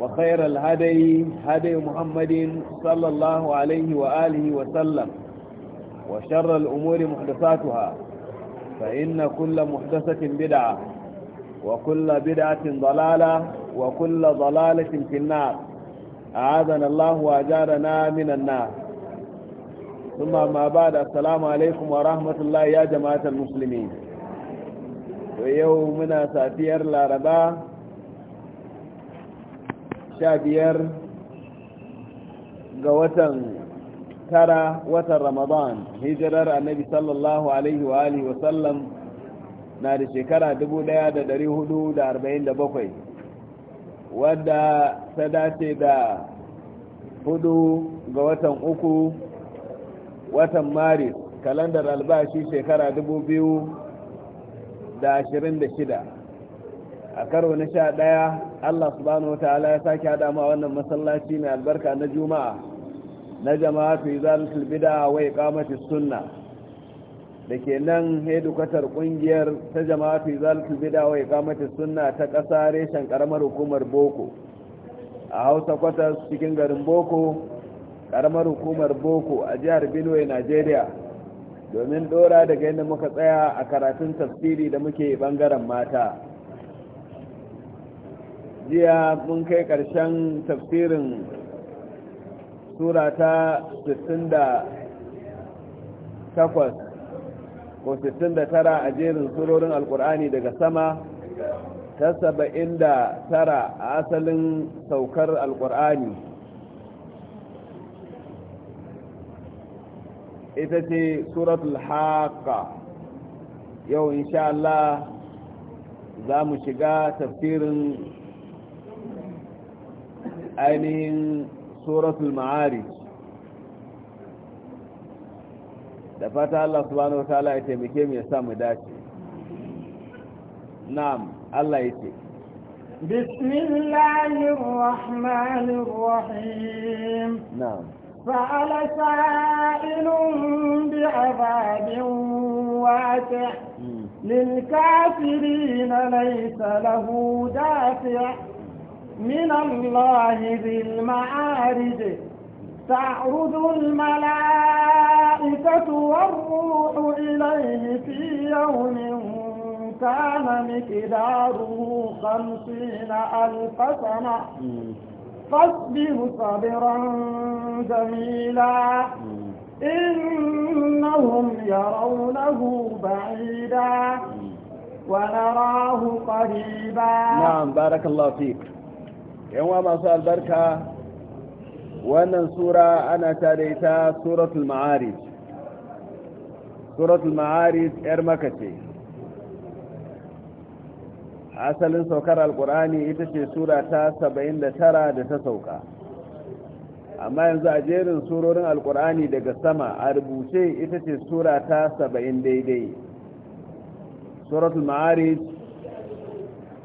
وخير الهدي هدي محمد صلى الله عليه وآله وسلم وشر الأمور محدثاتها فإن كل محدثة بدعة وكل بدعة ضلالة وكل ضلالة في النار أعاذنا الله وأجارنا من النار ثم ما بعد السلام عليكم ورحمة الله يا جماعة المسلمين ويومنا ساتير لارباه sha ga watan tara watan ramadan hijirar annabi sallallahu alaihi wa alihi wasallam na da shekara 1447 wadda ta dace da hudu ga watan uku watan maris kalandar albashi shekara 2026 a karo na sha ɗaya. Allah subhanahu ta'ala ya sake hada mu a wannan masallaci mai albarka na Juma'a na jama'atu izalatul bid'a wa iqamati sunna dake nan hedukwatar kungiyar ta jama'atu izalatul bid'a wa iqamati sunna ta ƙasa reshen karamar hukumar Boko a Hausa kwatas cikin garin Boko karamar hukumar Boko a jihar Benue Nigeria domin dora daga inda muka tsaya a karatun tafsiri da muke bangaren mata jiya mun kai ƙarshen tafsirin sittin da 68 ko 69 a jerin surorin alkur'ani daga sama ta da tara a asalin saukar alkur'ani ita ce suratul haka yau insha Allah za mu shiga tafsirin ainihin suratul ma'ari da fata Allah subhanahu wataala ya taimake mu ya sa mu dace na'am Allah yake bismillahir rahmanir rahim na'am fa'ala sa'ilun bi'adabin wati' للكافرين ليس له دافع من الله ذي المعارج تعرض الملائكة والروح إليه في يوم كان مقداره خمسين ألف سنة فاصبر صبرا جميلا إنهم يرونه بعيدا ونراه قريبا نعم بارك الله فيك yanwa masu albarka wannan sura ana ta suratul ma'arij suratul ma'arij yar maka ce asalin saukar alkur'ani ita ce sura ta 79 da ta sauka amma yanzu a jerin surorin alkur'ani daga sama a rubuce ita ce sura ta 70 daidai suratul ma'arij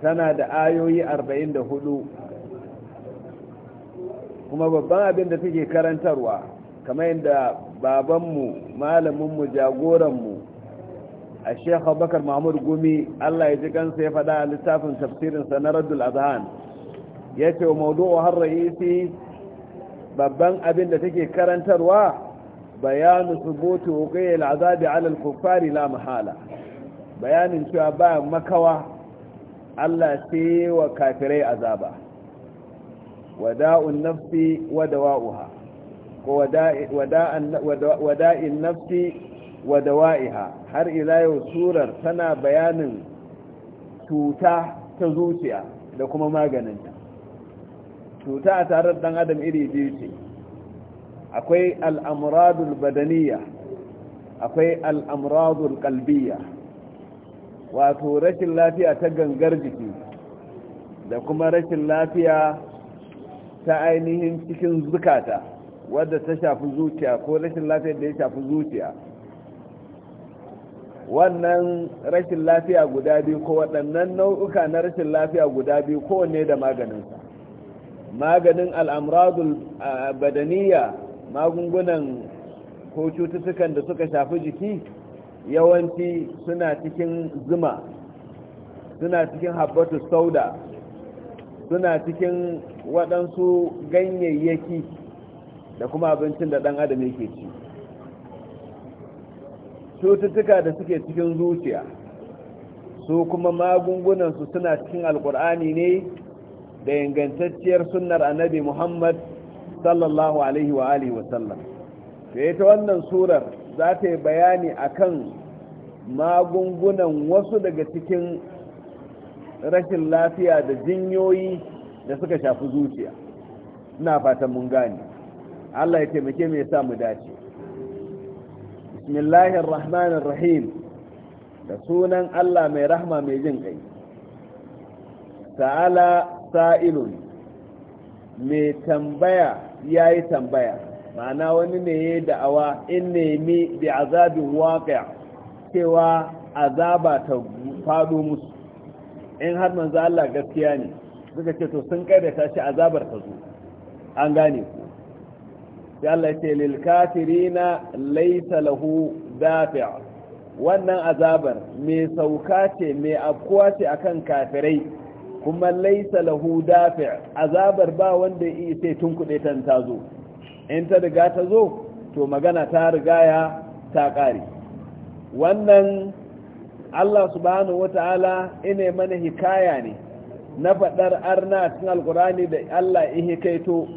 tana da ayoyi 44 kuma babban abin da take karantarwa kamar yadda babanmu malaminmu jagoranmu a shekha abubakar mahmud gumi allah ya ji kansa ya faɗa a littafin tafsirinsa na raddul azhan ya ce wa maudu'u har ra'isi babban abin da take karantarwa bayanu subutu uqiyya al'azabi 'ala al kufari la mahala bayanin cewa ba makawa Allah sai wa kafirai azaba wada'un nafsi wa dawa'uha ko wada'in nafsi wa dawa'iha har ila yau surar tana bayanin cuta ta zuciya da kuma maganinta cuta a tarar dan adam iri biyu ce akwai al'amuradul badaniya akwai al'amuradul kalbiya wato rashin lafiya ta gangar jiki da kuma rashin lafiya ta ainihin cikin zukata wadda ta shafi zuciya ko rashin lafiyar da ya shafi zuciya wannan rashin lafiya guda biyu ko waɗannan nau'uka na rashin lafiya guda biyu kowanne da maganinsa maganin al'amradul badaniya magungunan ko cututtukan da suka shafi jiki yawanci suna cikin zuma suna cikin habbatu sauda suna cikin waɗansu ganyayyaki da kuma abincin da ɗan adam yake ci cututtuka da suke cikin zuciya su kuma magungunansu suna cikin alkur'ani ne da ingantacciyar sunnar annabi muhammad sallallahu alaihi wa alihi wasallam da ita wannan surar za ta yi bayani akan magungunan wasu daga cikin rashin lafiya da jinyoyi da suka shafi zuciya ina fatan mun gane Allah ya taimake mai ya sa mu dace bismillahir da sunan Allah mai rahma mai jin kai ta'ala sa'ilun mai tambaya yayi tambaya ma'ana wani ne ya da'awa in nemi bi azabin waƙa cewa azaba ta faɗo musu in har manzo Allah gaskiya ne suka ce to sun kaidata shi azabar ta zo an gane ku sai Allah ce lil kafirina laysa lahu dafi' wannan azabar mai sauka ce mai afkuwa ce akan kafirai kuma laysa lahu dafi' azabar ba wanda yi sai tun kuɗe tan ta zo in ta riga ta zo to magana ta rigaya ta ƙare wannan Allah subhanahu wata'ala ina mana hikaya ne na faɗar arna cikin alkurani da Allah ihe to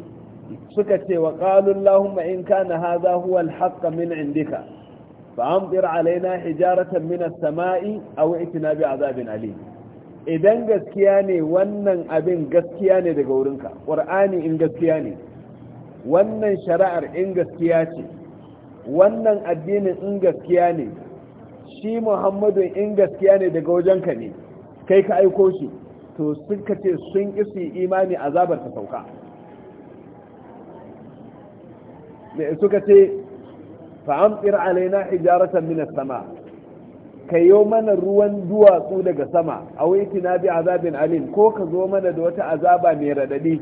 suka ce wa ƙalun lahumma in kana haza huwa alhaqqa min indika fa amtir alaina hijaratan min as-sama'i aw itina bi azabin alim idan gaskiya ne wannan abin gaskiya ne daga wurinka qur'ani in gaskiya ne wannan shari'ar in gaskiya ce wannan addinin in gaskiya ne shi muhammadu in gaskiya ne daga wajenka ne kai ka aiko shi to suka ce sun isi imani azabar ta sauka suka ce fa'amtsir alaina hijaratan minas sama ka yi mana ruwan duwatsu daga sama a waiti na bi azabin alim ko ka zo mana da wata azaba mai radadi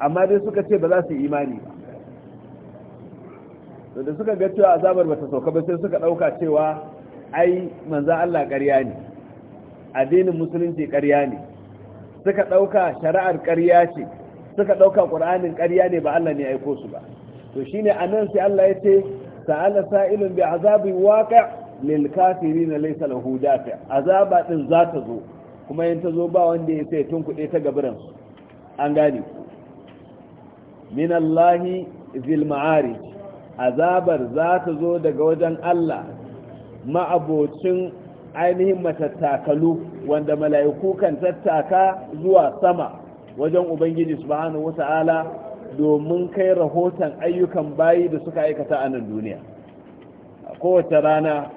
amma dai suka ce ba za su imani ba da suka ga cewa azabar ba ta sauka ba sai suka ɗauka cewa ai manzan Allah ƙarya ne addinin musulunci ƙarya ne suka ɗauka shari'ar ƙarya ce suka ɗauka ƙur'anin ƙarya ne ba Allah ne aiko su ba to shine anan sai Allah ya ce sa'ala sa'ilun bi azabin waqi' lil kafirin laysa lahu dafi azaba din za ta zo kuma in ta zo ba wanda ya sai tunkuɗe ta gaburan an gane min zil ma'arij azabar za ta zo daga wajen Allah ma'abocin ainihin matattakalu wanda mala'iku kan tattaka zuwa sama wajen ubangiji subhanahu wata'ala domin kai rahoton ayyukan bayi da suka aikata a nan duniya a kowace rana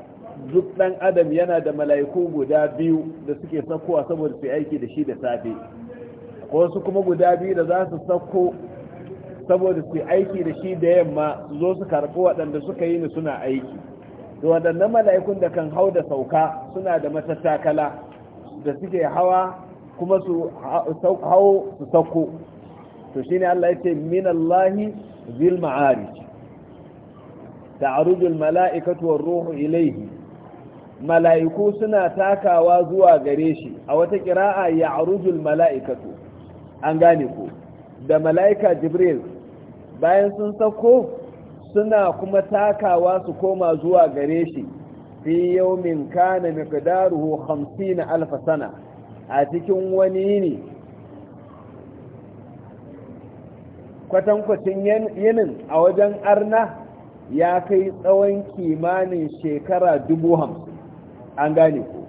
duk ɗan adam yana da mala'iku guda biyu da suke sakowa saboda su aiki da shi da safe ko su kuma guda biyu da za su sako saboda su aiki da shi da yamma zo su karɓi waɗanda suka yi ni suna aiki da waɗannan mala'ikun da kan hau da sauka suna da matattakala da suke hawa kuma su hau su sauko to shine Allah ya ce minallahi zil ma'arij ta'aruju malaikatu ruhu ilayhi mala'iku suna takawa zuwa gare shi a wata qira'a ya malaikatu an gane ko da mala'ika Jibril bayan sun sauko suna kuma takawa su koma zuwa gare shi fi min kana miqdaruhu 50 alf sana a cikin wani ne kwatankwacin yinin a wajen arna ya kai tsawon kimanin shekara dubu hamsin an gane ku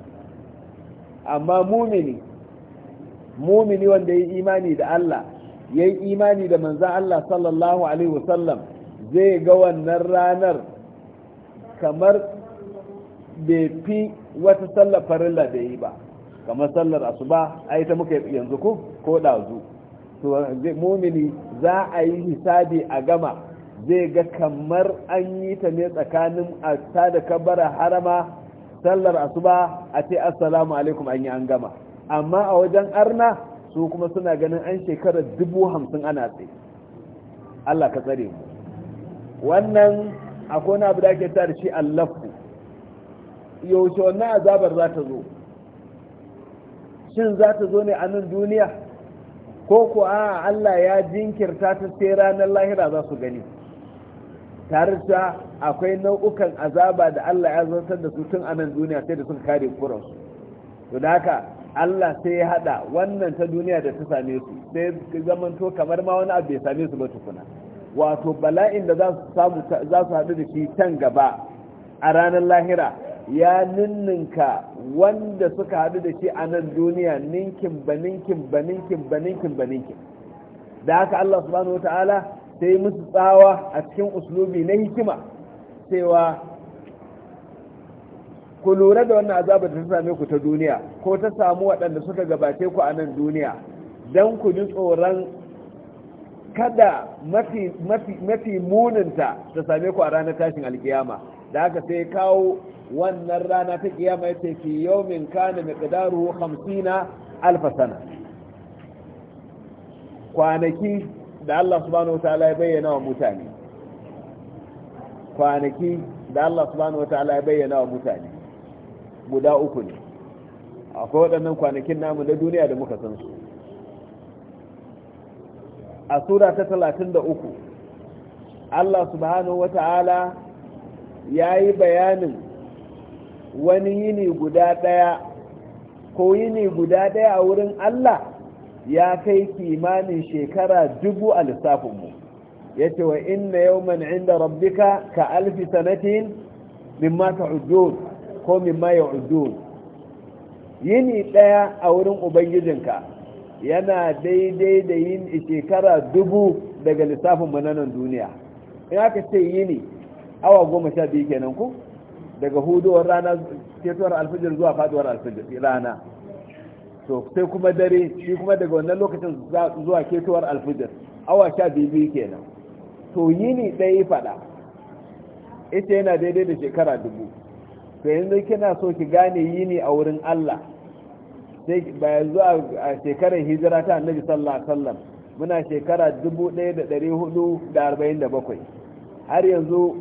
amma mumini mumini wanda ya imani da Allah ya yi imani da manzan Allah sallallahu Alaihi wasallam zai ga wannan ranar kamar bai fi wata sallar farilla da yi ba kamar sallar asuba a ta muka yanzu ko ko ɗazu to mumini za a yi hisabi a gama zai ga kamar an yi ta ne tsakanin a da kabara harama sallar asuba a ce assalamu alaikum an yi an gama amma a wajen arna su kuma suna ganin an shekarar dubu hamsin ana tsaye Allah ka tsare mu wannan akwai na abu da ake ta shi allafu yaushe wannan azabar za ta zo shin za ta zo ne a nan duniya ko ku a Allah ya jinkirta ta sai ranar lahira za su gani tare da akwai nau'ukan azaba da Allah ya zartar da su tun a nan duniya sai da suka kare kuransu to haka Allah sai ya hada wannan ta duniya da ta same su sai zamanto kamar ma wani abu bai same su ba tukuna wato bala'in da za su haɗu da shi can gaba a ranar lahira ya ninninka wanda suka haɗu da shi a nan duniya ninkin ba ninkin ba ninkin ba ninkin ba ninkin da haka Allah subhanahu wata'ala sai musu tsawa a cikin uslubi na hikima cewa ku lura da wannan azabar da ta same ku ta duniya ko ta samu waɗanda suka gabace ku a nan duniya don ku ji tsoron kada mafi mafi mafi muninta ta same ku a ranar tashin alkiyama da haka sai kawo wannan rana ta kiyama yace fi yawmin kana miqdaruhu 50 alf sana kwanaki da Allah subhanahu wataala ya bayyana wa mutane kwanaki da Allah subhanahu wataala ya bayyana wa mutane guda uku ne akwai waɗannan kwanakin namu na duniya da muka san su a sura ta talatin da uku Allah subhanahu wa ta'ala ya yi bayanin wani yini guda ɗaya ko yini guda ɗaya a wurin Allah ya kai kimanin shekara dubu a lissafinmu ya ce wa inna yawman inda rabbika ka alfi sanatin mata ta'udun ko mimma ya'udun yini ɗaya a wurin ubangijinka yana daidai da yin shekara dubu daga lissafin mananan duniya in aka ce yini awa goma sha biyu kenan ku daga hudowar rana ketowar alfijir zuwa faduwar alfijir rana to sai kuma dare shi kuma daga wannan lokacin zuwa ketowar alfijir awa sha biyu biyu kenan to yini ɗaya faɗa ita yana daidai da shekara dubu to yanzu kina so ki gane yini a wurin Allah sai ba zuwa a shekarar hijira ta annabi sallallahu alaihi wasallam muna shekara 1447 har yanzu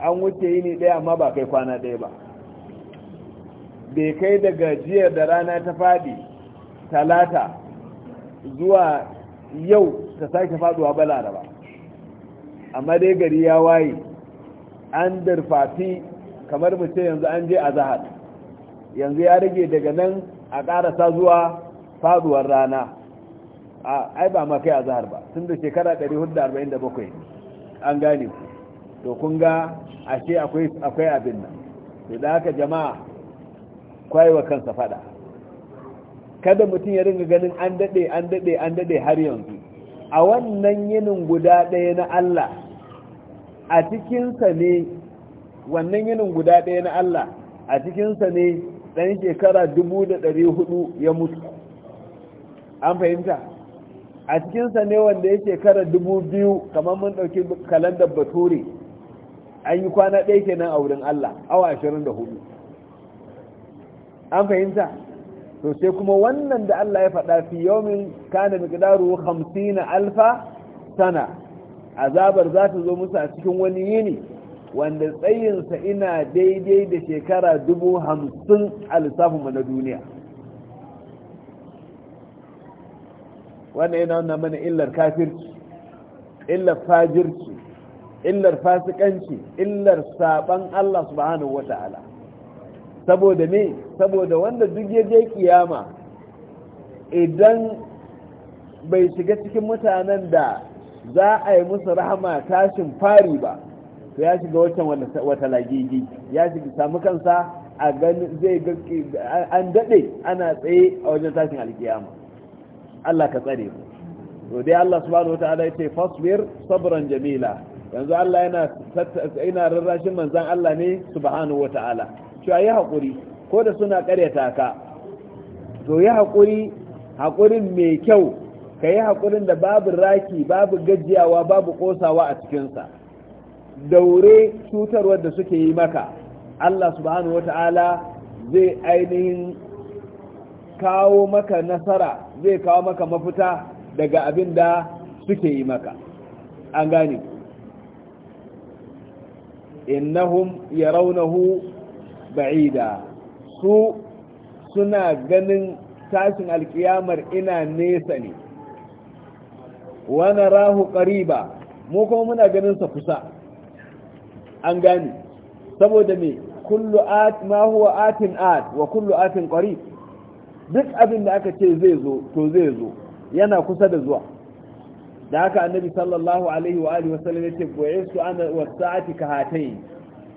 an wuce yini ɗaya, amma ba kai kwana ɗaya ba bai kai daga jiya da rana ta faɗi talata zuwa yau ta sake faduwa ba laraba amma dai gari ya waye an darfafi kamar mu yanzu an je a zahar yanzu ya rage daga nan a ƙarasa zuwa faduwar rana ai ba makai a zahar ba tun da shekara 447 an gane ku to kun ga ashe akwai abin nan to da haka jama'a kwaiwa kansa fada kada mutum ya ringa ganin an daɗe an daɗe an daɗe har yanzu a wannan yinin guda ɗaya na Allah a cikinsa ne wannan yinin guda ɗaya na Allah a cikinsa ne ɗan shekara dubu da ɗari hudu ya mutu an fahimta a cikinsa ne wanda ya shekara dubu biyu kamar mun ɗauki kalandar bature an yi kwana ɗaya kenan a wurin Allah awa ashirin da hudu an fahimta to sai kuma wannan da Allah ya faɗa fi yawmin kana miqdaru 50 alfa sana azabar za ta zo musu a cikin wani yini wanda tsayinsa ina daidai da shekara dubu hamsin a lissafinmu na duniya wannan yana wannan mana illar kafirci illar fajirci illar fasikanci illar saban Allah subhanahu wa ta'ala saboda ne, saboda wanda duk ya je kiyama idan bai shiga cikin mutanen da za a yi musu rahama tashin fari ba to ya shiga watan wata lagigi ya shiga samu kansa a ganin zai an daɗe ana tsaye a wajen tashin alkiyama Allah ka tsare mu to dai Allah subhanahu wataala yace fasbir sabran jamila yanzu Allah yana yana rarrashin manzon Allah ne subhanahu wataala to ayi hakuri ko da suna karyata ka to yi hakuri hakurin mai kyau ka yi hakurin da babu raki babu gajiyawa babu kosawa a cikinsa daure cutarwar da suke yi maka Allah subhanahu wata'ala zai ainihin kawo maka nasara zai kawo maka mafita daga abin da suke yi maka an gane innahum yarawnahu ba'ida su suna ganin tashin alkiyamar ina nesa ne wani rahu ƙariba mu kuma muna ganin sa kusa an gane saboda me kullu at ma huwa atin at wa kullu atin qarib duk abin da aka ce zai zo to zai zo yana kusa da zuwa da haka annabi sallallahu alaihi wa alihi wasallam yace bu'istu ana ka kahatayn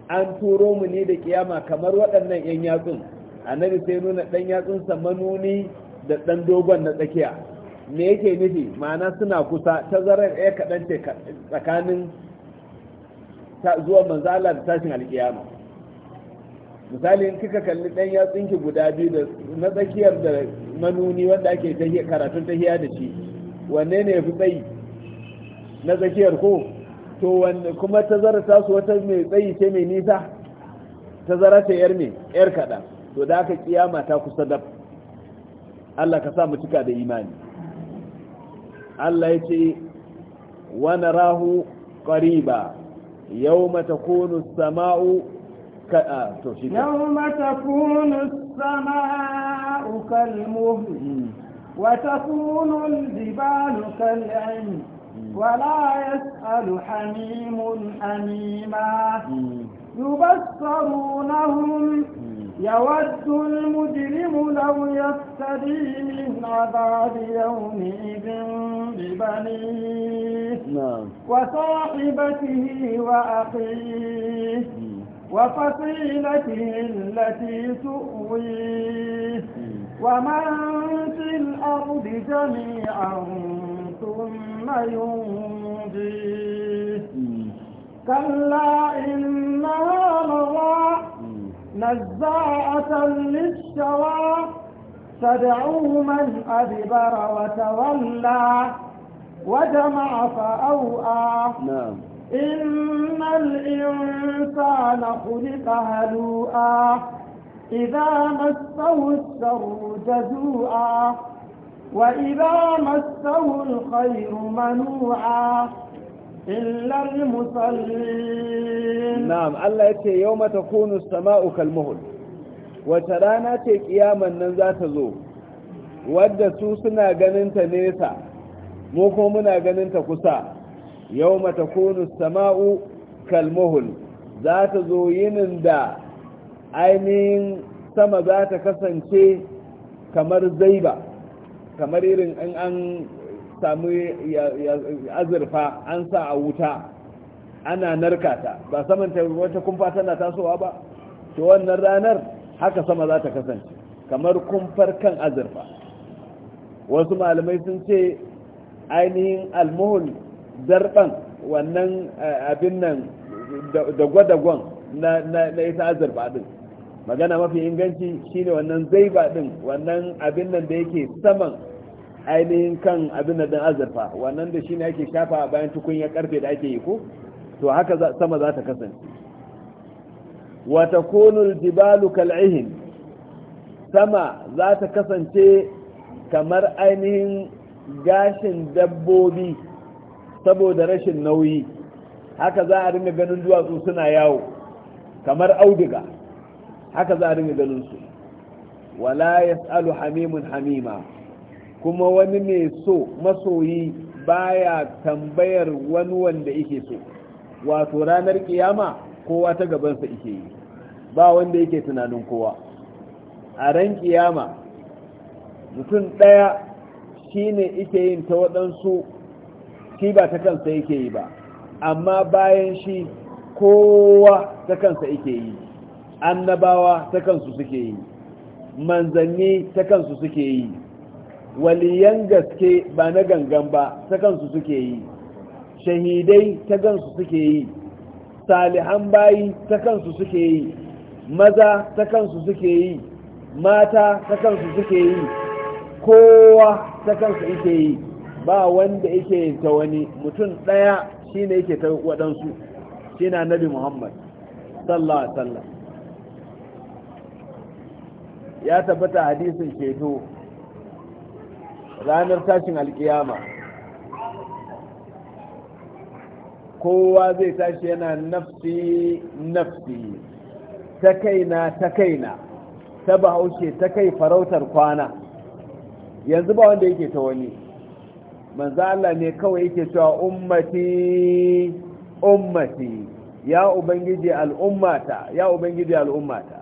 an turo mu ne da kiyama kamar waɗannan yan yatsun annabi sai nuna dan yatsun sa manuni da dan dogon na tsakiya me yake nufi ma'ana suna kusa tazarar ya kaɗan tsakanin zuwa manzo Allah da tashin alkiyama misali in kika kalli dan yatsunki guda biyu da na tsakiyar da manuni wanda ake tahiya karatun tahiya da shi wanne ne yafi tsayi na tsakiyar ko to wanne kuma tazara ta su wata mai tsayi ce mai nisa tazara ta yar ne yar kada to da aka kiyama ta kusa da Allah ka sa mu cika da imani Allah ya ce wa narahu qariba يوم تكون السماء ك... آه يوم تكون السماء كالمهل وتكون الجبال كالعين ولا يسأل حميم حميما يبصرونهم يود المجرم لو يفتدي من عذاب يومئذ ببنيه نعم وصاحبته وأخيه وفصيلته التي تؤويه ومن في الأرض جميعا ثم ينجيه كلا إنها مضى نزاعة للشوى تدعو من أدبر وتولى وجمع فأوعى نعم إن الإنسان خلق هلوعا إذا مسه الشر جزوعا وإذا مسه الخير منوعا إلا المصلين نعم الله يتي sama'u تكون السماء rana وترانا تي za ta zo? wadda su suna ganinta nesa mu ko muna ganinta kusa yau mata kunu sama'u kalmuhul za ta zo yinin da ainihin sama za ta kasance kamar zaiba kamar irin in an samu azurfa an sa a wuta ana narkata ba saman ta wata kumfa tana tasowa ba to wannan ranar haka sama za ta kasance kamar kumfar kan azurfa wasu malamai sun ce ainihin almuhul darban wannan eh, abin nan da na ita azurfa din magana mafi inganci shine wannan zai ba din wannan abin nan da yake saman ainihin kan abin da dan azurfa wannan da shine ake shafa bayan tukunya karfe da ake yi ko to haka sama za ta kasance wa takunu aljibalu kal'ihin sama za ta kasance kamar ainihin gashin dabbobi saboda rashin nauyi haka za a ringa ganin duwatsu suna yawo kamar auduga haka za a ringa ganin su wala yas'alu hamimun hamima kuma wani mai so masoyi baya tambayar wani wanda yake so wato ranar kiyama kowa ta gabansa yake yi ba wanda yake tunanin kowa a ran kiyama mutum ɗaya shi shine yake yin ta waɗansu shi ba ta kansa yake yi ba amma bayan shi kowa ta kansa yake yi annabawa ta kansu suke yi manzanni ta kansu suke yi waliyan gaske ba na gangan ba ta kansu suke yi shahidai ta kansu suke yi salihan bayi ta kansu suke yi maza ta kansu suke yi mata ta kansu suke yi kowa ta kansu suke yi ba wanda yake ta wani mutum ɗaya shine yake ta waɗansu shine annabi muhammad sallallahu alaihi wasallam ya tabbata hadisin ceto ranar tashin alkiyama kowa zai tashi yana nafsi nafsi ta kaina ta kaina ta bahaushe ta kai farautar kwana yanzu ba wanda yake ta wani manzo Allah ne kawai yake cewa ummati ummati ya ubangiji al'ummata ya ubangiji al'ummata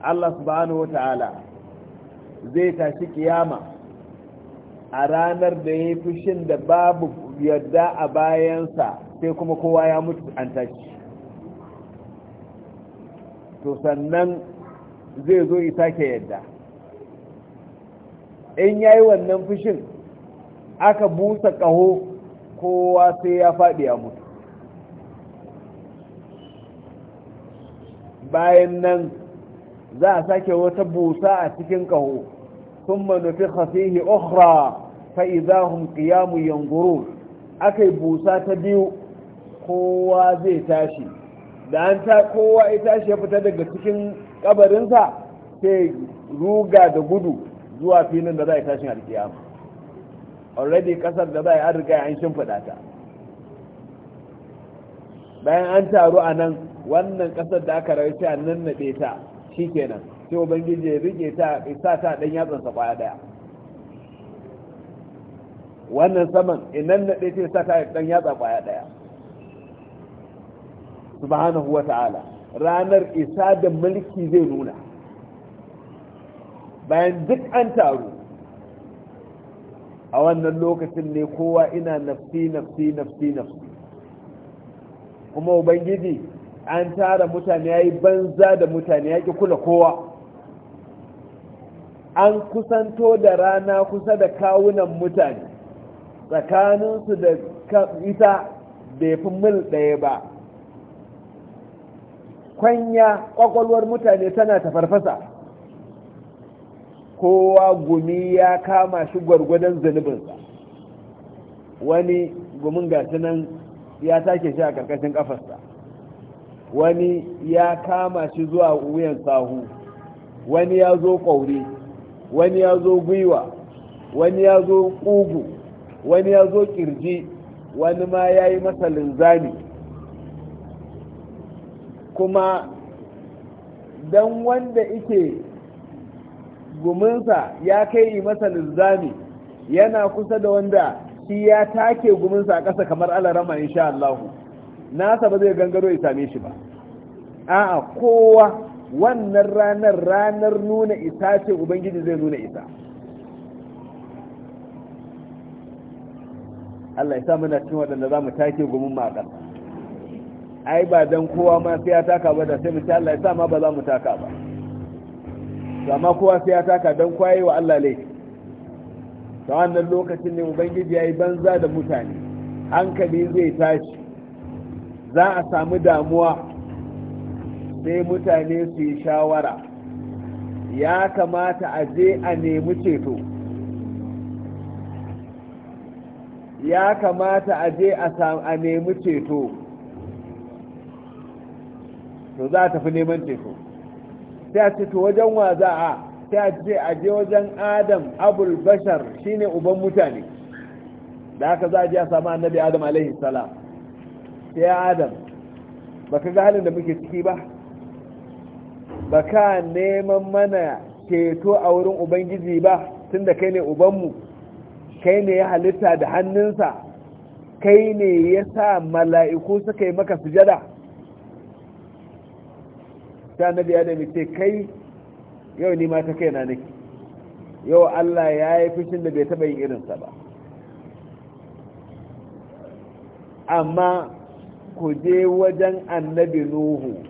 Allah subhanahu Ta'ala zai tashi kiyama a ranar da ya fushin da babu yadda a bayansa sai kuma kowa ya mutu an tashi to sannan zai zo isa ke yadda in ya yi wannan fushin aka busa ƙaho kowa sai ya faɗi ya mutu bayan nan za a sake wata busa a cikin kaho sun manufi hafihi ohra ta izahun kiyamu yanguru aka yi busa ta biyu kowa zai tashi da an ta kowa ya tashi ya fita daga cikin kabarinsa sai ruga da gudu zuwa filin da za a yi tashin alkiyama already kasar da za a yi an shimfiɗa ta bayan an taru a nan wannan kasar da aka rarci a nan na ta Shi kenan, sai ubangiji ya rike ta isa ta dan yatsan sa kwaya daya wannan saman inan na ɗaya sai sa ta dan yatsa kwaya daya subhanahu ta'ala ranar isa da mulki zai nuna bayan duk an taru a wannan lokacin ne kowa ina nafsi nafsi nafsi nafsi kuma ubangiji an tara mutane ya yi banza da mutane ya ƙi kula kowa an kusanto da rana kusa da kawunan mutane tsakaninsu da ita bai fi mil ɗaya ba kwanya ƙwaƙwalwar mutane tana ta farfasa. kowa gumi ya kama shi gwargwadon zunubinsa wani gumin gashi nan ya take shi a ƙarƙashin ƙafarsa wani ya kama shi zuwa wuyan sahu wani ya zo ƙaure wani ya zo gwiwa wani ya zo ƙugu wani ya zo ƙirji wani ma ya yi masa linzami kuma don wanda ike guminsa ya kai masa linzami yana kusa da wanda shi ya take guminsa a ƙasa kamar alarama insha Allah nasa ba zai gangaro ya same shi ba a'a kowa wannan ranar ranar nuna isa ce ubangiji zai nuna isa Allah ya sa muna cin waɗanda za mu take gumin makar ai ba don kowa ma sai ya taka ba da sai mu ci. Allah ya sa ma ba za mu taka ba amma kowa sai ya taka don kwaye wa Allah laifi ta wannan lokacin ne ubangiji ya yi banza da mutane hankali zai tashi za a samu damuwa sai mutane su yi shawara ya kamata a je a nemi ceto ya kamata a je a nemi ceto to za a tafi neman ceto sai a ce to wajen wa za a sai a ce a je wajen adam abul bashar shine uban mutane da haka za a je a samu annabi adam alaihi salam sai adam ka ga halin da muke ciki ba ba ka neman mana ceto a wurin ubangiji ba tun da kai ne ubanmu kai ne ya halitta da hannunsa kai ne ya sa mala'iku suka yi maka sujada ta nabi adam ce kai yau ni ma ta kai na nake yau Allah ya yi fushin da bai taɓa yin irinsa ba amma ku je wajen annabi nuhu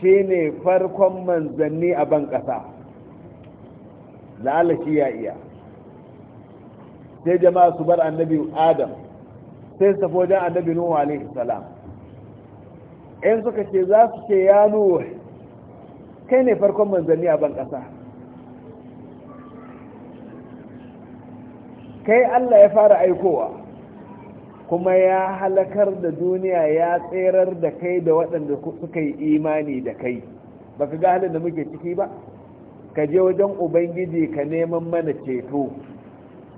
Shi ne farkon manzanni a ban ƙasa la'ala shi ya iya sai jama'a su bar annabi adam sai su tafi wajen annabi nuhu alaihi salam in suka ce za su ce ya nuhu kai ne farkon manzanni a ban ƙasa kai allah ya fara aikowa kuma ya halakar da duniya ya tserar da kai da waɗanda suka yi imani da kai ba ka ga halin da muke ciki ba ka je wajen ubangiji ka neman mana ceto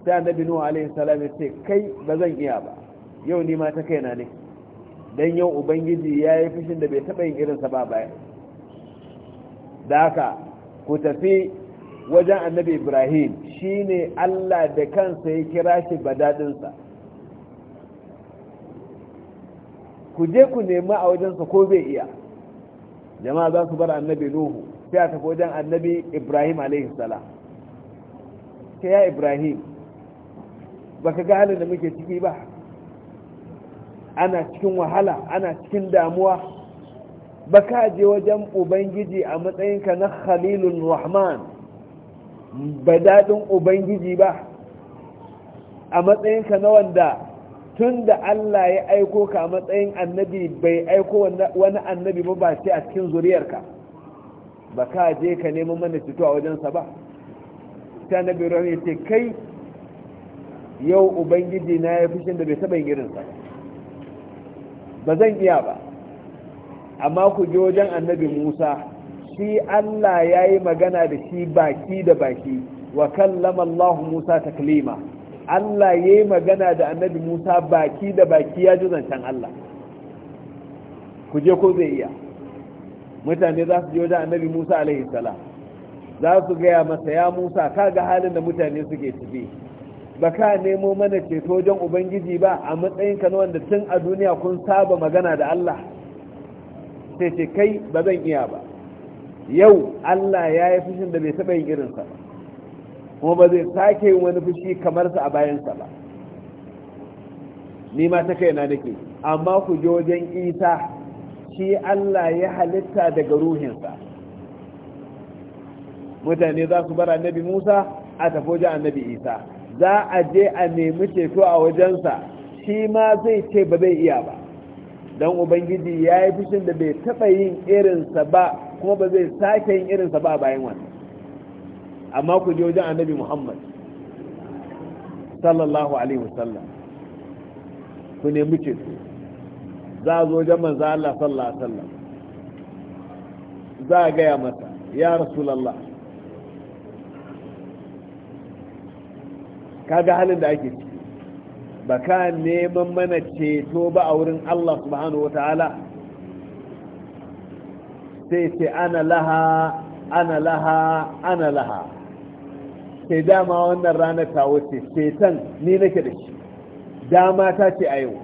sai annabi nuhu alayhi salam ce kai ba zan iya ba yau ni ma ta kaina ne dan yau ubangiji ya yi fushin da bai taɓa yin irin irinsa ba baya da haka ku tafi wajen annabi ibrahim shine allah da kansa ya kira shi ba daɗinsa. ku je ku nemi a wajensa ko bai iya jama'a za su bar annabi nuhu sai a tafi wajen annabi ibrahim alaihi salam ta ya ibrahim baka ga halin da muke ciki ba ana cikin wahala ana cikin damuwa baka je wajen ubangiji a matsayinka na khalilun rahman ba daɗin ubangiji ba a matsayinka na wanda tun da Allah ya aiko ka matsayin annabi bai aiko wani annabi ba ba a cikin zuriyarka ba ka je ka neman mana fito a wajensa ba ta annabi ruwan ya ce kai yau ubangiji na ya fushin da bai taɓa yin irinsa ba zan iya ba amma ku je wajen annabi musa shi allah ya yi magana da shi baki da baki wa kallama Allah musa taklima Allah ya yi magana da annabi Musa baki da baki ya ji zancen Allah ku je ko zai iya mutane za su je wajen annabi Musa alaihi salam za su gaya masa ya Musa ka ga halin da mutane suke ciki ba ka nemo mana ceto wajen Ubangiji ba a matsayin ka na wanda tun a duniya kun saba magana da Allah sai ce kai ba zan iya ba yau Allah ya yi fushin da bai taɓa yin irinsa ba kuma ba zai sake yin wani fushi kamar sa a bayansa ba ni ma ta kaina nake amma ku je wajen isa shi Allah ya halitta daga ruhinsa mutane za su bar annabi Musa a tafi wajen annabi Isa za a je a nemi ceto a wajensa shi ma zai ce ba zai iya ba Dan ubangiji ya yi fushin da bai taɓa yin irinsa ba kuma ba zai sake yin irinsa ba a bayan wannan amma ku je wajen annabi muhammad sallallahu alaihi wasallam ku nemi ceto za a zo wajen manzo Allah sallallahu alaihi wasallam za a gaya masa ya rasulallah kaga halin da ake ciki ba ka neman mana ceto ba a wurin Allah subhanahu wata'ala sai ce ana laha ana laha ana laha sai dama wannan ranar ta wuce shetan ni nake da shi dama ta ce a yau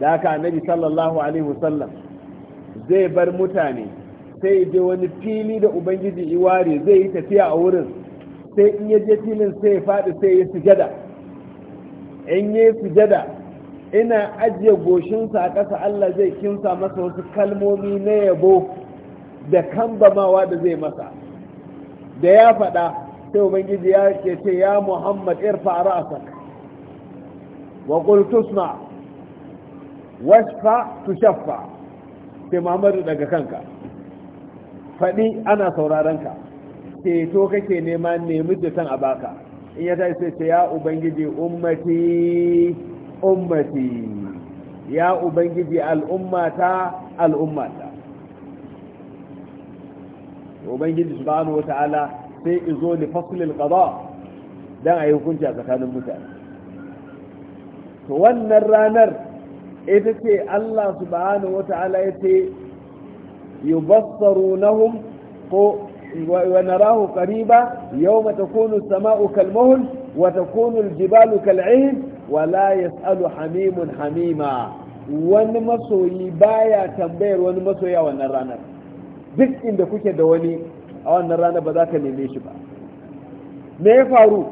da aka annabi sallallahu alaihi wasallam zai bar mutane sai je wani fili da ubangiji iware zai yi tafiya a wurin sai in ya je filin sai ya faɗi sai ya sujada in ya sujada ina ajiye goshinsa a ƙasa Allah zai kinsa masa wasu kalmomi na yabo da kambamawa da zai masa da ya faɗa sai ubangiji ya ce ya muhammad irfa ra'asak wa qul wasfa su tushaffa sai muhammadu daga kanka faɗi ana sauraron ka ceto kake nema nemi jitan a baka in ya tashi sai ce ya ubangiji ummati ummati ya ubangiji al'ummata al'ummata ubangiji subhanahu wata'ala sai izo li faslil qada dan ayi hukunci a tsakanin mutane to wannan ranar ita ce Allah subhanahu wata'ala yace yubassarunahum ko ونراه قريبا يوم تكون السماء كالمهل وتكون الجبال كالعهن ولا yasalu hamimun hamima wani masoyi baya tambayar wani masoya wannan ranar duk inda kuke da wani a wannan rana ba za ka neme shi ba me ya faru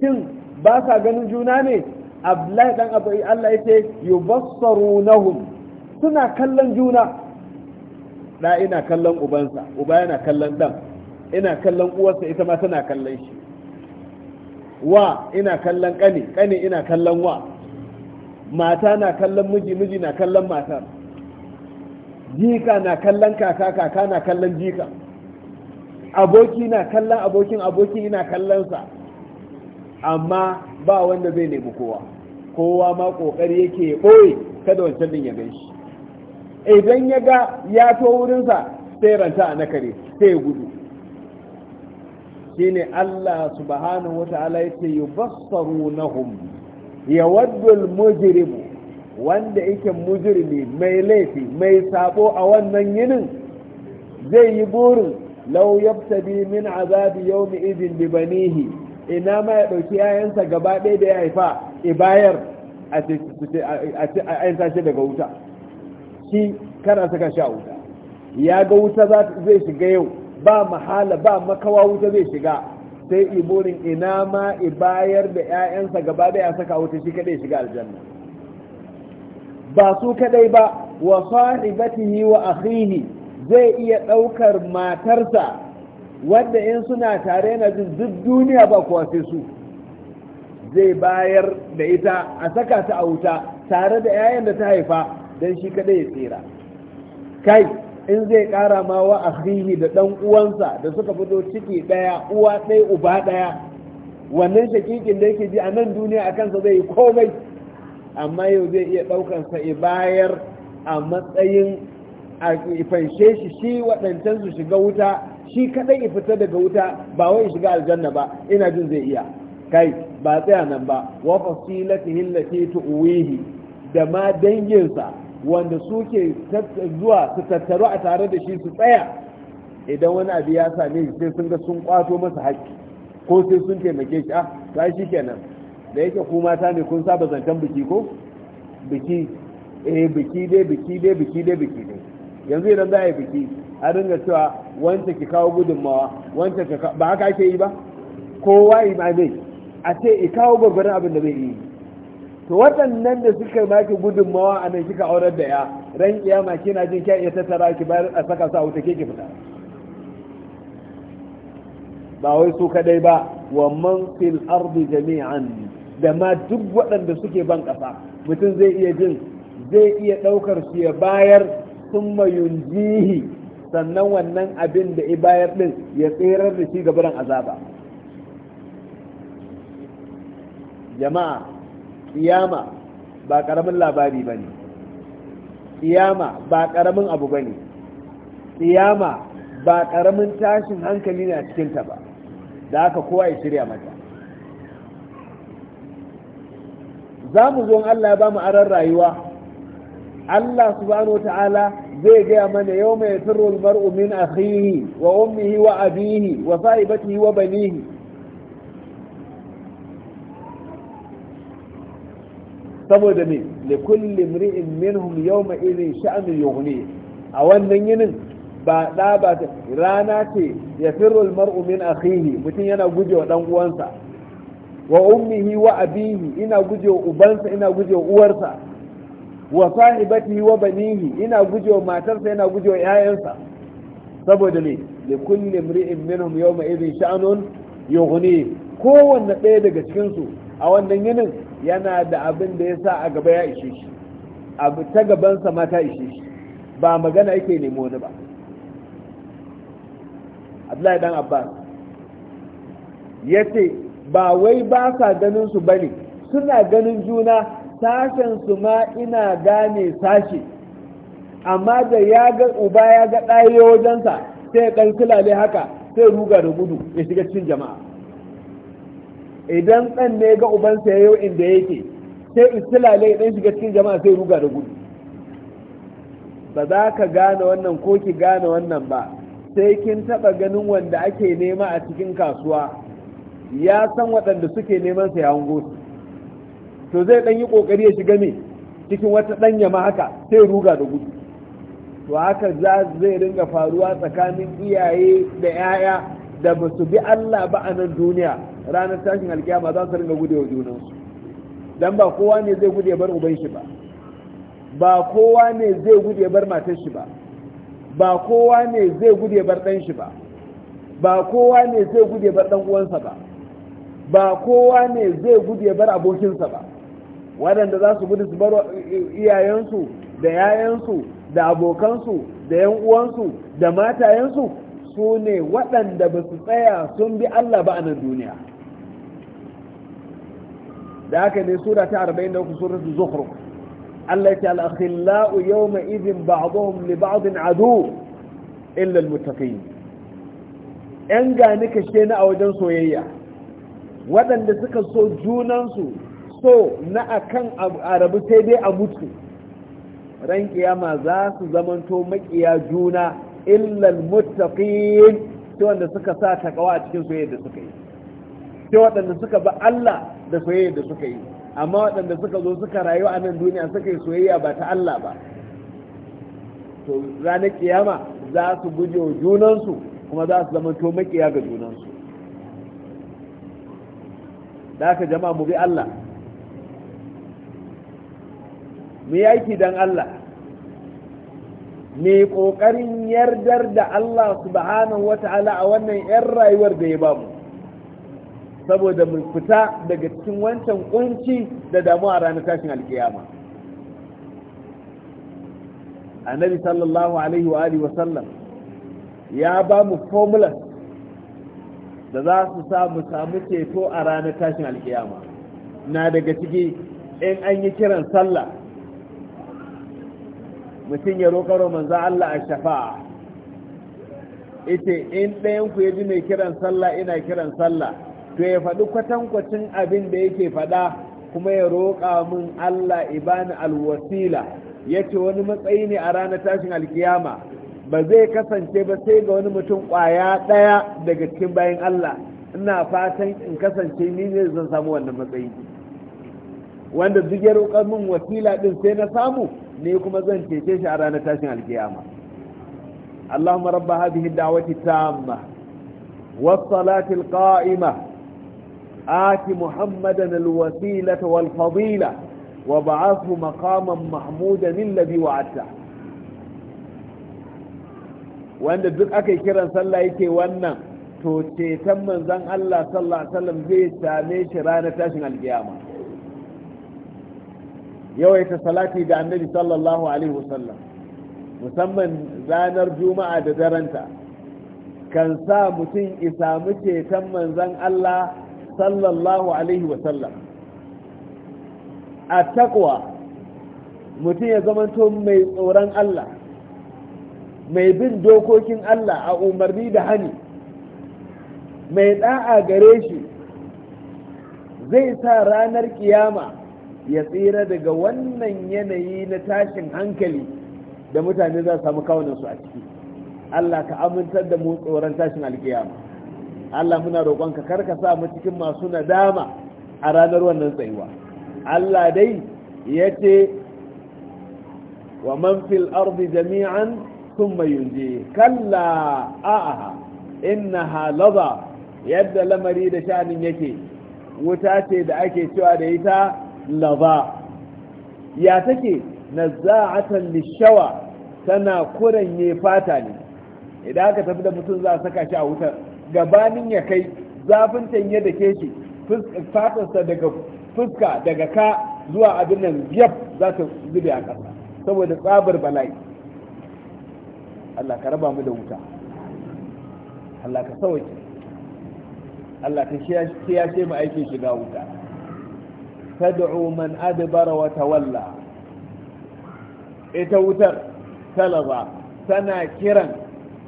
shin ba sa ganin juna ne abdullahi dan abu Allah yake yubassarunahum suna kallon juna da ina kallon ubansa uba yana kallon dan ina kallon uwarsa ita ma tana kallon shi wa ina kallon kani kani ina kallon wa mata na kallon miji miji na kallon mata jika na kallon kaka kaka na kallon jika aboki na kallon abokin aboki kallonsa amma ba wanda zai nemi kowa kowa ma kokari yake ya ɓoye kada wancan din ya shi idan ya ga ya to wurinsa sai ranta a nakare sai gudu shine Allah subhanahu wata'ala yace yubassarunahum yawaddu al-mujrimu wanda yake mujirmi mai laifi mai sabo a wannan yinin zai yi burin lau yabtadi min azabi yawmi idin bi banihi ina ma ya dauki yayansa gaba ɗaya da ya haifa ibayar a ce shi daga wuta shi kana saka sha wuta ya ga wuta zai shiga yau ba mahala ba makawa wuta zai shiga sai iburin ina ma ibayar da 'ya'yansa gaba ɗaya saka wuta shi kaɗai shiga aljanna ba su kadai ba wa sahibatihi wa akhihi zai iya daukar matarsa wadda in suna tare na jin duk duniya ba kuwa sai su zai bayar da ita a saka ta a wuta tare da 'ya'yan da ta haifa don shi kadai ya tsira kai in zai kara ma wa akhihi da dan uwansa da suka fito ciki daya uwa dai uba daya wannan shakikin da yake ji a nan duniya a kansa zai yi komai amma yau zai iya ɗaukansa bayar a matsayin a fanshe shi shi waɗancan su shiga wuta shi kaɗai ya fita daga wuta ba wai shiga aljanna ba ina jin zai iya kai ba tsaya nan ba wa fasilatihi ta tuwihi da ma danginsa wanda suke zuwa su tattaru a tare da shi su tsaya idan wani abu ya same shi sai sun ga sun kwato masa haƙƙi ko sai sun taimake shi ah sai kenan da yake ku mata ne kun saba zancen biki ko biki eh biki dai biki dai biki dai biki dai yanzu idan za a yi biki a dinga cewa wanda ki kawo gudunmawa wanda ka ba haka ake yi ba kowa imamai a ce i kawo gwagwarin abin da zai yi to waɗannan da suka maki gudunmawa a nan kika aurar da ya ran kiyama kina jin kya iya tattara ki bayar a saka su a wuta ke ki fita ba wai su kadai ba wa man fil ardi jami'an da ma duk waɗanda suke ban ƙasa mutum zai iya jin zai iya ɗaukar su ya bayar sun jihi sannan wannan abin da ya bayar ɗin ya tserar da shi gabaran azaba jama'a ƙiyama ba ƙaramin labari ba ne ƙiyama ba ƙaramin abu ba ne ƙiyama ba ƙaramin tashin hankali ne a cikinta ba da haka kowa ya shirya mata za mu zo Allah ya ba mu aran rayuwa Allah subhanahu wata'ala zai gaya mana yau mai firro mar'u min akhihi wa ummihi wa abihi wa sa'ibatihi wa banihi saboda ne li kulli mri'in minhum yawma idhin sha'nun yughni a wannan yinin ba da ba rana ce ya firro mar'u min akhihi mutum yana guje wa dan uwansa wa ummihi wa abihi ina gujewa ubansa ina gujewa uwarsa wa sahibatihi wa banihi ina gujewa matarsa ina gujewa yayansa saboda ne li kulli imri'in minhum yawma idhin sha'nun yughni kowanne ɗaya daga cikin su a wannan yinin yana da abin da ya sa a gaba ya ishe shi abu ta gabansa ma ta ishe shi ba magana yake nemo wani ba Abdullahi dan Abbas yace ba wai ba sa ganin su bane suna ganin juna sashen su ma ina gane sashe amma da ya ga uba ya ga ɗaya wajensa sai ya kulale haka sai ruga da gudu ya shiga cikin jama'a idan ɗan ne ga ubansa ya yau inda yake sai istilale ya ɗan shiga cikin jama'a sai ruga da gudu ba za ka gane wannan ko ki gane wannan ba sai kin taɓa ganin wanda ake nema a cikin kasuwa ya san waɗanda suke neman sa ya hango su to zai ɗan yi ƙoƙari ya shiga me cikin wata ɗan yama haka sai ruga da gudu to haka za zai ringa faruwa tsakanin iyaye da 'ya'ya da ba su bi Allah ba a nan duniya ranar tashin alkiyama za su ringa gudewa junansu dan ba kowa ne zai gude bar uban shi ba ba kowa ne zai gude bar matar shi ba ba kowa ne zai gude bar ɗan shi ba ba kowa ne zai gude bar ɗan uwansa ba ba kowa ne zai gudu ya bar abokinsa ba waɗanda za su gudu su bar iyayensu da yayansu da abokansu da yan uwansu da matayensu su ne waɗanda ba su tsaya sun bi Allah ba a nan duniya da haka ne sura ta 43 suratul zuhru? Allah ta al-akhillau yawma idhin ba'dhum li ba'dhin adu illa al-muttaqin yan gani kashe na a wajen soyayya waɗanda suka so junansu so na akan arabu sai dai a mutu ran kiyama za su zamanto maƙiya juna illal mutaqin sai wanda suka sa takawa a cikin soyayya da suka yi sai waɗanda suka ba Allah da soyayya da suka yi amma waɗanda suka zo suka rayu a nan duniya suka yi soyayya ba ta Allah ba to ranar kiyama za su guje wa junansu kuma za su zamanto maƙiya ga junansu da aka jama'a mu bi Allah mu yi aiki don Allah mai ƙoƙarin yardar da Allah subhanahu ta'ala a wannan 'yan rayuwar da ya ba mu saboda mu fita daga cikin wancan ƙunci da damuwa ranar tashin alkiyama annabi sallallahu alaihi wa sallam ya ba mu formulas da za su sa mu samu ceto a ranar tashin alkiyama na daga ciki in an yi kiran sallah mutum ya roƙaro manzan Allah a shafa'a ita in ɗayanku ya ji mai kiran sallah ina kiran sallah to ya faɗi kwatankwacin abin da yake faɗa kuma ya roƙa min Allah ibani alwasila ya ce wani matsayi ne a ranar tashin alkiyama ba zai kasance ba sai ga wani mutum kwaya ɗaya daga cikin bayan Allah ina fatan in kasance ni ne zan samu wannan matsayi wanda duk ya min wasila ɗin sai na samu ne kuma zan cece shi a ranar tashin alkiyama Allahumma rabba hadhihi ad-da'wati tamma was-salati al-qa'imah آت محمدا الوسيلة والفضيلة وبعثه مقاما محمودا الذي وعدته wanda duk aka yi kiran sallah yake wannan to ceton manzan Allah sallallahu alaihi wasallam zai same shi ranar tashin alkiyama yawaita salati da annabi sallallahu alaihi wasallam musamman ranar juma'a da daranta kan sa mutum isamu ceton manzan Allah sallallahu alaihi wasallam a takwa mutum ya zamanto mai tsoron Allah mai bin dokokin Allah a umarni da hani mai da'a gare shi zai sa ranar kiyama ya tsira daga wannan yanayi na tashin hankali da mutane za su samu kawunansu a ciki Allah ka amintar da mu tsoron tashin alkiyama Allah muna roƙonka karka sa mu cikin masu nadama a ranar wannan tsayuwa Allah dai ya ce wa man fil ardi jami'an ثم ينجيه كلا آها إنها لظى yadda lamari da sha'anin yake wuta ce da ake cewa da ita laza ya take nazza'atan lishawa tana kuranye fata ne idan aka tafi da mutum za a saka shi a wutar gabanin ya kai zafin tanye da ke shi fatarsa daga fuska daga ka zuwa abin nan yaf za ta zube a ƙasa saboda tsabar bala'i Allah ka raba mu da wuta Allah ka sauke Allah ka ce mu aikin shiga wuta tad'u man adbara wa tawalla ita wutar talaba tana kiran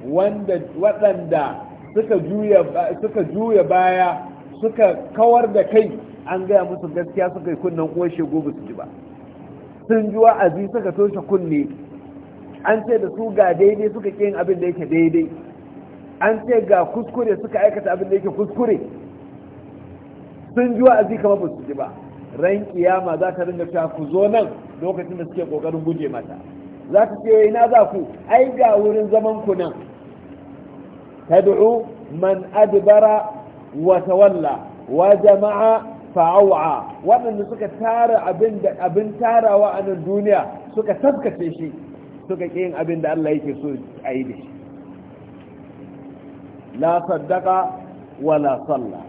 wanda waɗanda suka juya suka juya baya suka kawar da kai an gaya musu gaskiya suka yi kunnen uwar shego ba su ji ba sun ji wa'azi suka toshe kunne an ce da su ga daidai suka ki yin abin da yake daidai an ce ga kuskure suka aikata abin da yake kuskure sun ji wa'azi kamar ba su ji ba ran kiyama za ta ringa cewa ku zo nan lokacin da suke kokarin guje mata za ta ce ina za ku ai ga wurin zaman ku nan tad'u man adbara wa tawalla wa jama'a fa'awa waɗanda suka tara abin da abin tarawa a nan duniya suka taskace shi suka ƙi yin abin da Allah yake so a yi da shi la saddaka wala salla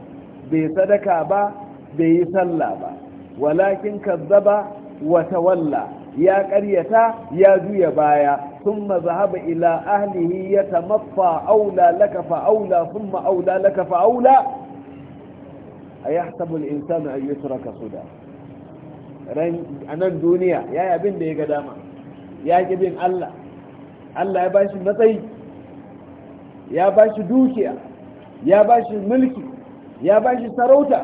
bai sadaka ba bai yi salla ba walakin kazzaba wa tawalla ya ƙaryata ya juya baya thumma zahaba ila ahlihi yatamaffa aula laka fa'aula. aula thumma aula laka fa'aula. aula ayahsabu al-insanu an yutraka suda ran nan duniya yayi abin da ya ga dama ya ƙi bin Allah Allah ya bashi matsayi ya shi dukiya ya bashi mulki ya bashi sarauta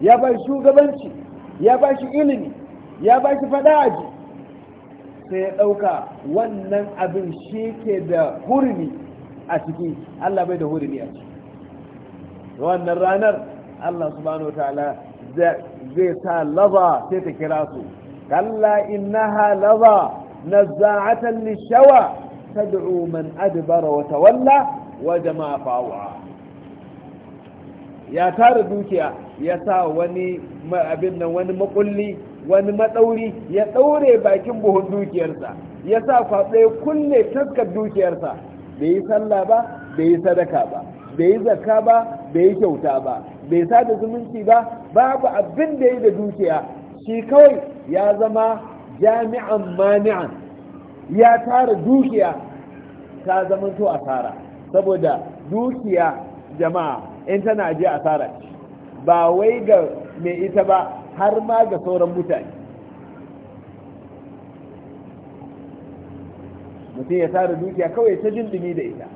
ya shi shugabanci ya bashi ilimi ya shi fada'aji sai ya ɗauka wannan abin shi ke da hurumi a ciki Allah bai da hurumi a ciki wannan ranar Allah subhanahu ta'ala zai sa laba sai ta kira su kalla innaha laba نزاعة للشوى تدعو من أدبر وتولى وجمع فأوعى ya tara dukiya ya sa wani abin nan wani makulli wani matsauri ya ɗaure bakin buhun dukiyarsa ya sa kwaɗe kulle taskar dukiyarsa bai yi sallah ba bai yi sadaka ba bai yi zakka ba bai yi kyauta ba bai sada zumunci ba babu abin da yi da dukiya shi kawai ya zama jami'an mani'an ya tara dukiya ta zamanto asara saboda dukiya jama'a in tana je asara ba wai ga mai ita ba har ma ga sauran mutane mutum ya tara dukiya kawai ta jindimi da ita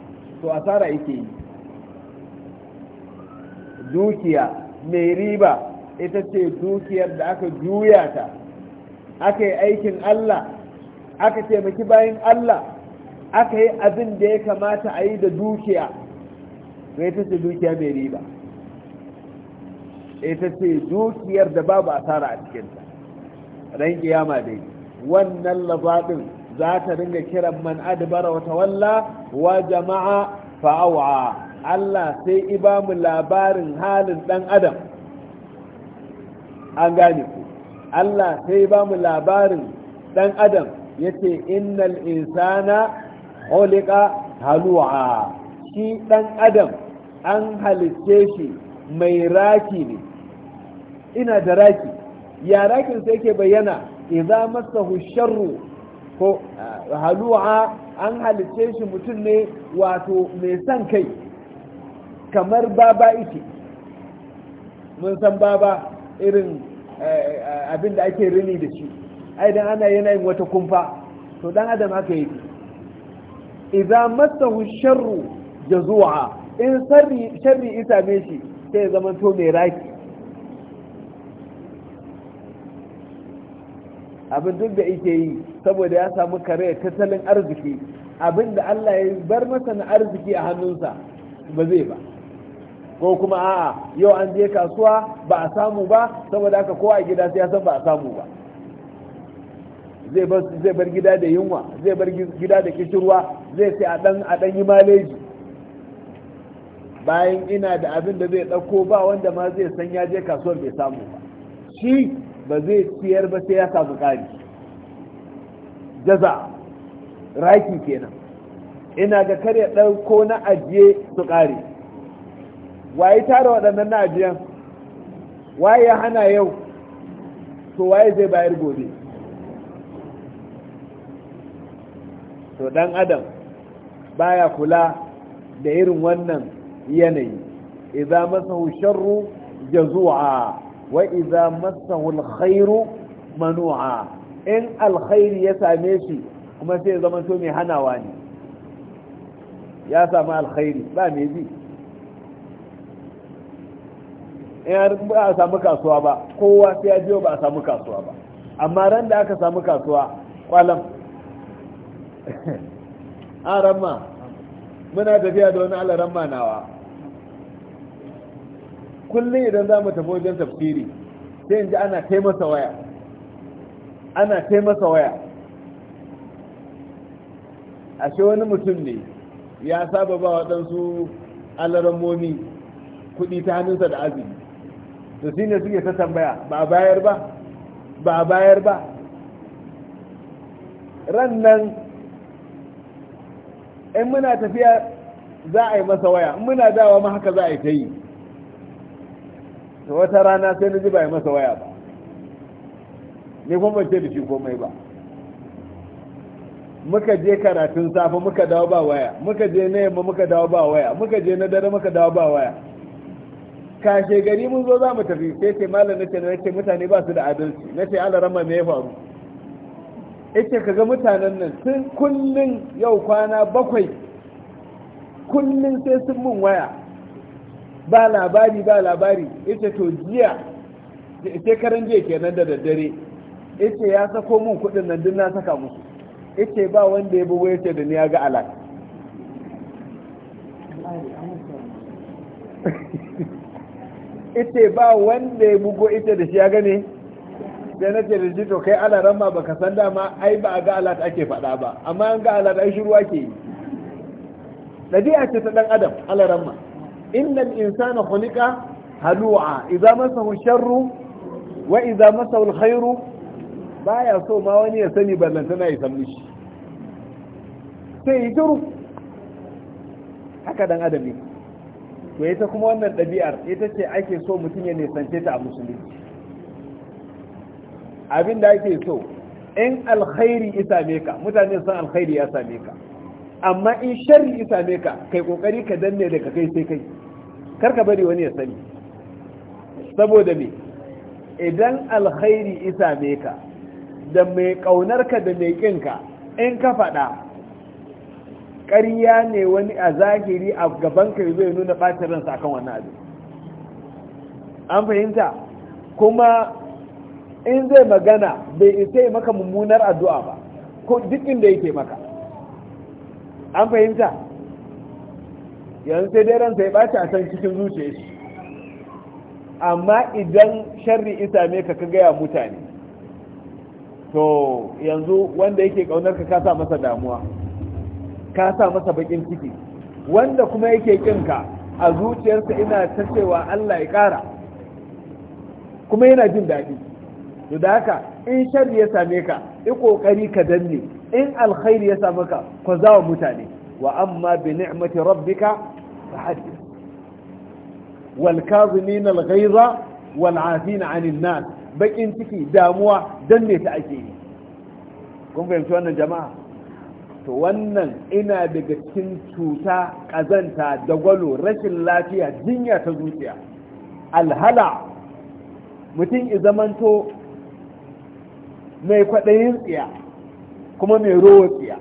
to asara yake yi dukiya mai riba ita ce dukiyar da aka juya ta aka yi aikin Allah aka taimaki bayan Allah aka yi abin da ya kamata a yi da dukiya to ita ce dukiya mai riba ta ce dukiyar da babu asara a cikinta ran kiyama dai wannan labaɗin za ta ringa kiran man adabara wa walla wa jama'a fa'awa Allah sai ibamu labarin halin ɗan adam an gane ku Allah sai ba mu labarin ɗan adam ya yace innal insana holika halu'a shi ɗan adam an halitce shi mai raki ne ina da raki ya rakin sai ke bayyana idza masahu sharru ko eh, halu'a an halicce shi mutum ne wato mai san kai kamar baba ike mun san baba irin abin da ake rini da shi ai dan ana yin wata kumfa to dan adam aka yi idza masahu sharru jazua in sarri sharri isa me shi sai zama to mai raki abin duk da yake yi saboda ya samu kare tattalin arziki abin da Allah ya bar masa na arziki a hannunsa ba zai ba ko kuma a'a yau an je kasuwa ba a samu ba saboda haka kowa a gida sai ya san ba a samu ba zai bar gida da yunwa zai bar gida da kishirwa zai sai a dan a dan yi maleji bayan ina da abin da zai dauko ba wanda ma zai san ya je kasuwar bai samu ba shi ba zai siyar ba sai ya samu ƙari jaza raki kenan ina ga kar ya na ajiye su kare waye tara waɗannan na ajiyan waye ya hana yau to waye zai bayar gobe to dan adam baya kula da irin wannan yanayi idza masahu sharru jazu'a wa idza masahu alkhairu manu'a in alkhairi ya same shi kuma sai ya zama to mai hanawa ne ya samu alkhairi ba mai bi in ba a samu kasuwa ba kowa sai ya biyo ba a samu kasuwa ba amma ran da aka samu kasuwa kwalam a ah, ramma muna tafiya da wani alaramma nawa kullum idan za mu tafi wajen tafsiri sai in ji ana kai masa waya ana kai masa waya ashe wani mutum ne ya saba ba waɗansu alaramomi kuɗi ta hannunsa da azumi to shi ne suke ta tambaya ba a bayar ba ba a bayar ba ran nan in muna tafiya za a yi masa waya in muna dawa ma haka za a yi ta yi ta wata rana sai na ji ba yi masa waya ba ne kuma ban ce da shi komai ba muka je karatun safe muka dawo ba waya muka je na yamma muka dawo ba waya muka je na dare muka dawo ba waya kashe gari mun zo za mu tafi sai ce malam nace na ce mutane ba su da adalci nace ala rama me ya faru ka ga mutanen nan sun kullun yau kwana bakwai kullun sai sun mun waya ba labari ba labari ita to jiya shekaran jiya kenan da daddare ita ya sako mun kudin nan duk na saka musu ita ba wanda ya bi wayace da ni ya ga alaka ita ba wanda ya bugo ita da shi ya gane sai na ce da shi to kai ana rama ka san dama ai ba a ga alat ake faɗa ba amma an ga alat ai shiru ake yi ɗabi'a ce ta ɗan adam ala ramma innal insana khuliqa halu'a idza masahu sharru wa idza masahu alkhairu baya so ma wani ya sani ballanta ya san mishi sai yi shiru haka dan adam ne to ita kuma wannan ɗabi'ar ita ce ake so mutum ya nisance ta a musulunci abin da ake so in alkhairi ya same ka mutane san alkhairi ya same ka amma in sharri ya same ka kai kokari ka danne daga kai sai kai kar ka bari wani ya sani saboda me idan alkhairi ya same ka da mai kaunar ka da mai kinka in ka faɗa ƙarya ne wani a zahiri a gaban ka zai nuna ɓacin ransa akan wannan abin an fahimta kuma in zai magana bai isa maka mummunar addu'a ba ko duk inda yake maka an fahimta yanzu sai dai ransa ya ɓaci a can cikin zuciya shi amma idan sharri isa ne ka gaya mutane to yanzu wanda yake ƙaunar ka kasa masa damuwa ka sa masa bakin ciki wanda kuma yake kinka a zuciyarsa ina ta cewa Allah ya kara kuma yana jin daɗi to da haka in sharri ya same ka yi ƙoƙari ka danne in alkhairi ya same ka ku wa mutane wa amma bi ni'mati rabbika fahaddith wal kazimin al ghayza wal afina 'anil nas bakin ciki damuwa danne ta ake yi kun fahimci wannan jama'a to wannan ina daga cikin cuta ƙazanta gwalo rashin lafiya jinya ta zuciya alhala mutum izamanto mai kwaɗayin tsiya kuma mai rowa tsiya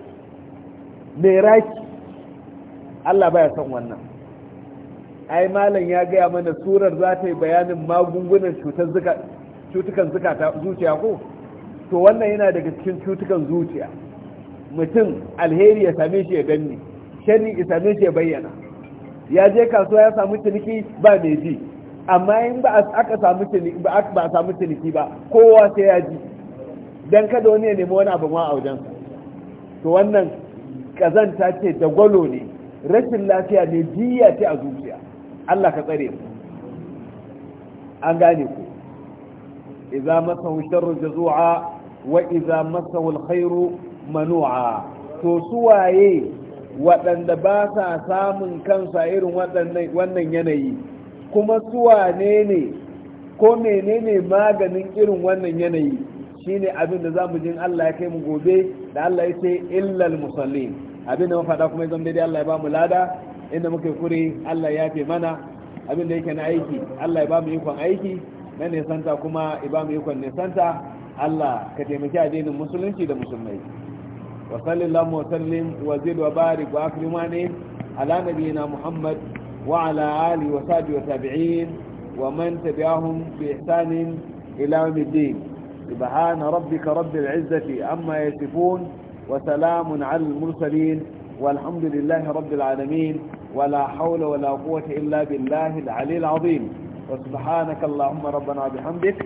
mai raki Allah baya son wannan ai malam ya gaya mana surar za ta yi bayanin magungunan cutukan zuciya ko to wannan yana daga cikin cutukan zuciya mutum alheri ya same shi ya danne shani ya same shi ya bayyana ya je kasuwa ya samu ciniki ba mai ji amma in ba aka samu ciniki ba ba samu ciniki ba kowa sai ya ji dan kada wani ya nemi wani abu ma a wajen to wannan kazanta ce da gwalo ne rashin lafiya ne jiya ce a zuciya Allah ka tsare mu an gane ku idza masahu sharru jazua wa idza masahu alkhairu manu'a to suwaye waɗanda ba sa samun kansa irin wannan yanayi kuma suwane ne ko menene maganin irin wannan yanayi shine abin da za mu jin Allah ya kai mu gobe da Allah ya ce illal musallin abin da kuma zan da Allah ya ba mu lada inda muke kure Allah ya fi mana abin da yake na aiki Allah ya ba mu ikon aiki na nisanta kuma ya ba mu ikon nisanta Allah ka taimaki addinin musulunci da musulmai وصل اللهم وسلم وزد وبارك وأكرم عليهم على نبينا محمد وعلى آله وصحبه وتابعين ومن تبعهم بإحسان إلى يوم الدين سبحان ربك رب العزة عما يصفون وسلام على المرسلين والحمد لله رب العالمين ولا حول ولا قوة إلا بالله العلي العظيم وسبحانك اللهم ربنا بحمدك